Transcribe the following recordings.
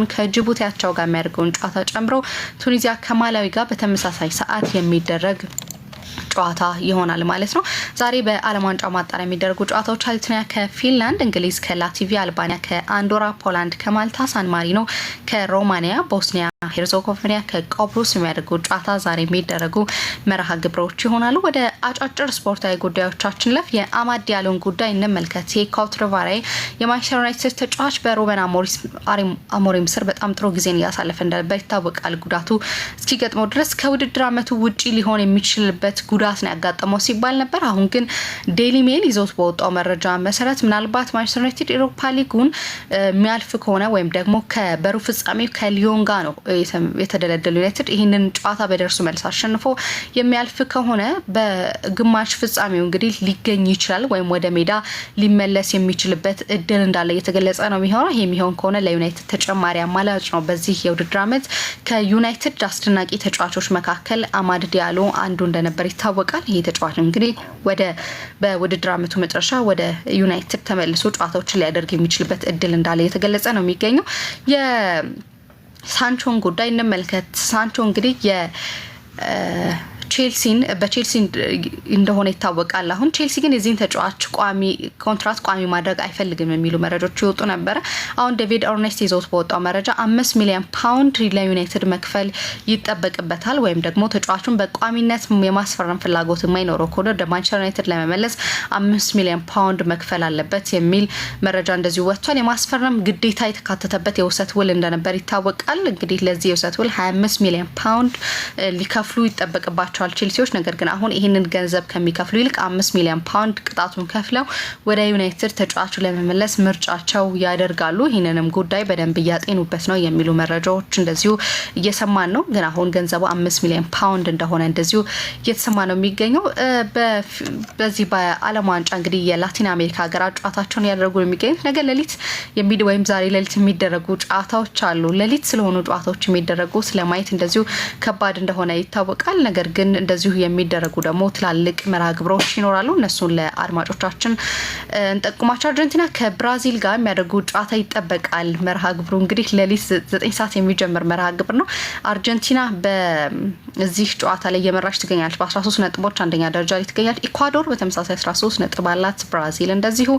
ን ከጅቡቲያቸው ጋር የሚያደርገውን ጨዋታ ጨምሮ ቱኒዚያ ከማላዊ ጋር በተመሳሳይ ሰዓት የሚደረግ ጨዋታ ይሆናል ማለት ነው። ዛሬ በዓለም ዋንጫ ማጣሪያ የሚደረጉ ጨዋታዎች አልትኒያ ከፊንላንድ፣ እንግሊዝ ከላቲቪያ፣ አልባኒያ ከአንዶራ፣ ፖላንድ ከማልታ፣ ሳን ማሪኖ ከሮማኒያ፣ ቦስኒያ ሄርዞጎቪና ከቆብሩስ የሚያደርጉ ጨዋታ ዛሬ የሚደረጉ መርሃ ግብሮች ይሆናሉ። ወደ አጫጭር ስፖርታዊ ጉዳዮቻችን ለፍ የአማድ ያለውን ጉዳይ እንመልከት። የኮትሮቫሪ የማንቸስተር ዩናይትድ ተጫዋች በሮበን አሞሪም ስር በጣም ጥሩ ጊዜን እያሳለፈ እንደነበር ይታወቃል። ጉዳቱ እስኪገጥመው ድረስ ከውድድር ዓመቱ ውጪ ሊሆን የሚችልበት ጉዳት ነው ያጋጠመው ሲባል ነበር። አሁን ግን ዴሊ ሜል ይዞት በወጣው መረጃ መሰረት ምናልባት ማንቸስተር ዩናይትድ ሮፓ ሊጉን የሚያልፍ ከሆነ ወይም ደግሞ ከበሩ ፍጻሜው ከሊዮን ጋር ነው የተደለደሉ ዩናይትድ ይህንን ጨዋታ በደርሱ መልስ አሸንፎ የሚያልፍ ከሆነ በግማሽ ፍጻሜው እንግዲህ ሊገኝ ይችላል ወይም ወደ ሜዳ ሊመለስ የሚችልበት እድል እንዳለ እየተገለጸ ነው የሚሆነው። ይህ የሚሆን ከሆነ ለዩናይትድ ተጨማሪ አማላጭ ነው። በዚህ የውድድር ዓመት ከዩናይትድ አስደናቂ ተጫዋቾች መካከል አማድ ዲያሎ አንዱ እንደነበር ይታወቃል። ይህ ተጫዋች እንግዲህ ወደ በውድድር ዓመቱ መጨረሻ ወደ ዩናይትድ ተመልሶ ጨዋታዎችን ሊያደርግ የሚችልበት እድል እንዳለ እየተገለጸ ነው የሚገኘው። ሳንቾን ጉዳይ እንመልከት። ሳንቾ እንግዲህ ቼልሲን በቼልሲ እንደሆነ ይታወቃል። አሁን ቼልሲ ግን የዚህን ተጫዋች ቋሚ ኮንትራት ቋሚ ማድረግ አይፈልግም የሚሉ መረጃዎች ይወጡ ነበረ። አሁን ዴቪድ ኦርኔስት ይዘውት በወጣው መረጃ አምስት ሚሊዮን ፓውንድ ለዩናይትድ መክፈል ይጠበቅበታል። ወይም ደግሞ ተጫዋቹን በቋሚነት የማስፈረም ፍላጎት የማይኖረው ከሆነ ወደ ማንቸስተር ዩናይትድ ለመመለስ አምስት ሚሊዮን ፓውንድ መክፈል አለበት የሚል መረጃ እንደዚሁ ወጥቷል። የማስፈረም ግዴታ የተካተተበት የውሰት ውል እንደነበር ይታወቃል። እንግዲህ ለዚህ የውሰት ውል 25 ሚሊዮን ፓውንድ ሊከፍሉ ይጠበቅባቸው ያስከፍሏቸዋል ቼልሲዎች። ነገር ግን አሁን ይህንን ገንዘብ ከሚከፍሉ ይልቅ አምስት ሚሊዮን ፓውንድ ቅጣቱን ከፍለው ወደ ዩናይትድ ተጫዋቹ ለመመለስ ምርጫቸው ያደርጋሉ። ይህንንም ጉዳይ በደንብ እያጤኑበት ነው የሚሉ መረጃዎች እንደዚሁ እየሰማን ነው። ግን አሁን ገንዘቡ አምስት ሚሊዮን ፓውንድ እንደሆነ እንደዚሁ እየተሰማ ነው የሚገኘው። በዚህ በዓለም ዋንጫ እንግዲህ የላቲን አሜሪካ ሀገራት ጨዋታቸውን ያደረጉ ነው የሚገኙት። ነገ ሌሊት የሚድ ወይም ዛሬ ሌሊት የሚደረጉ ጨዋታዎች አሉ። ሌሊት ስለሆኑ ጨዋታዎች የሚደረጉ ስለማየት እንደዚሁ ከባድ እንደሆነ ይታወቃል። ነገር ግን ግን እንደዚሁ የሚደረጉ ደግሞ ትላልቅ መርሃ ግብሮች ይኖራሉ። እነሱን ለአድማጮቻችን እንጠቁማቸው። አርጀንቲና ከብራዚል ጋር የሚያደርጉ ጨዋታ ይጠበቃል። መርሃ ግብሩ እንግዲህ ሌሊት ዘጠኝ ሰዓት የሚጀምር መርሃ ግብር ነው። አርጀንቲና በዚህ ጨዋታ ላይ እየመራች ትገኛለች። በ13 ነጥቦች አንደኛ ደረጃ ላይ ትገኛለች። ኢኳዶር በተመሳሳይ 13 ነጥብ አላት። ብራዚል እንደዚሁ።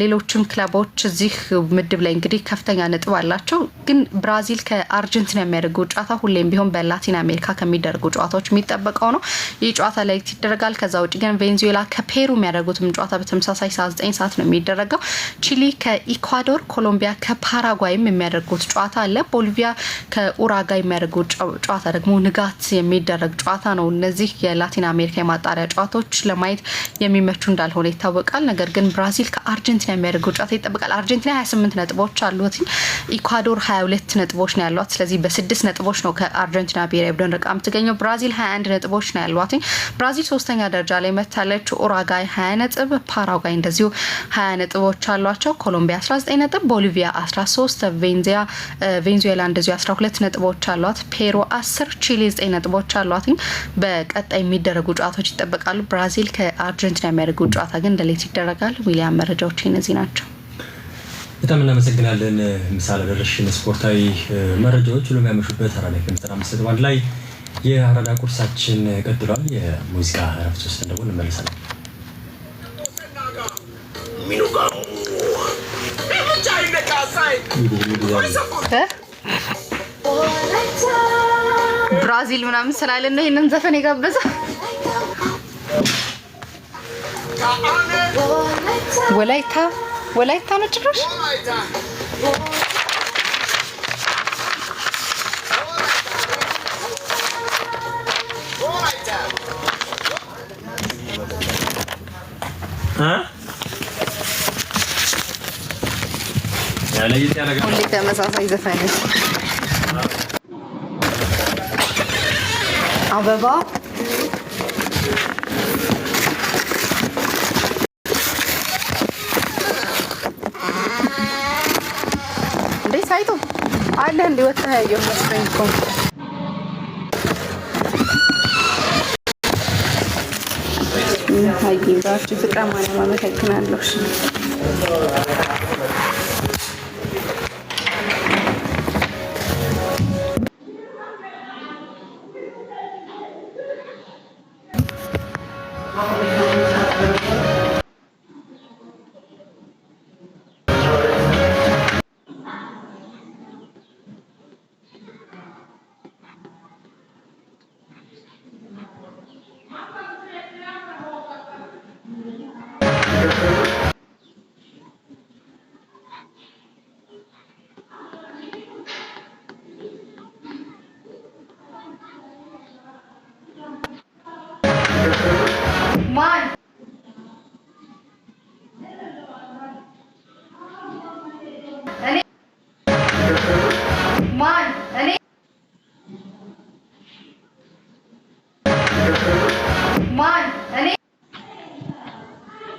ሌሎችም ክለቦች እዚህ ምድብ ላይ እንግዲህ ከፍተኛ ነጥብ አላቸው። ግን ብራዚል ከአርጀንቲና የሚያደርጉ ጨዋታ ሁሌም ቢሆን በላቲን አሜሪካ ከሚደረጉ ጨዋታዎች የሚጠበቀው ነው። ይህ ጨዋታ ላይ ይደረጋል። ከዛ ውጭ ግን ቬንዙዌላ ከፔሩ የሚያደርጉትም ጨዋታ በተመሳሳይ ሰዓት ዘጠኝ ሰዓት ነው የሚደረገው። ቺሊ ከኢኳዶር፣ ኮሎምቢያ ከፓራጓይም የሚያደርጉት ጨዋታ አለ። ቦሊቪያ ከኡራጋ የሚያደርጉት ጨዋታ ደግሞ ንጋት የሚደረግ ጨዋታ ነው። እነዚህ የላቲን አሜሪካ የማጣሪያ ጨዋታዎች ለማየት የሚመቹ እንዳልሆነ ይታወቃል። ነገር ግን ብራዚል ከአርጀንቲና የሚያደርገው ጨዋታ ይጠበቃል። አርጀንቲና 28 ነጥቦች አሉት። ኢኳዶር 22 ነጥቦች ነው ያሏት። ስለዚህ በስድስት ነጥቦች ነው ከአርጀንቲና ብሔራዊ ቡድን ርቃ የምትገኘው ብራዚል 21 21 ነጥቦች ነው ያሏትኝ። ብራዚል ሶስተኛ ደረጃ ላይ መታለች። ኡራጋይ 20 ነጥብ፣ ፓራጓይ እንደዚሁ 20 ነጥቦች አሏቸው። ኮሎምቢያ 19 ነጥብ፣ ቦሊቪያ 13፣ ቬንዙዌላ እንደዚሁ 12 ነጥቦች አሏት። ፔሩ 10፣ ቺሊ 9 ነጥቦች አሏትኝ። በቀጣይ የሚደረጉ ጨዋታዎች ይጠበቃሉ። ብራዚል ከአርጀንቲና የሚያደርጉ ጨዋታ ግን እንደሌት ይደረጋል። ዊሊያም መረጃዎች እነዚህ ናቸው። በጣም እናመሰግናለን ምሳሌ ደረሽ። ስፖርታዊ መረጃዎች ሁሉም ያመሹበት አራ ላይ ከምጠና ምስል ላይ የአራዳ ቁርሳችን ቀጥሏል። የሙዚቃ እረፍት ውስጥ ደግሞ እንመለሳለን። ብራዚል ምናምን ስላለ ነው ይህንን ዘፈን የጋበዘ ወላይታ ወላይታ ነው ጭራሽ ሁሌ ተመሳሳይ ዘፈን አበባ እንዴት ሳይቶ አለ እንዲህ ወጥተህ ያየው መስሎኝ እኮ ስለታየኝ በጣም አመሰግናለሁ። Thank you.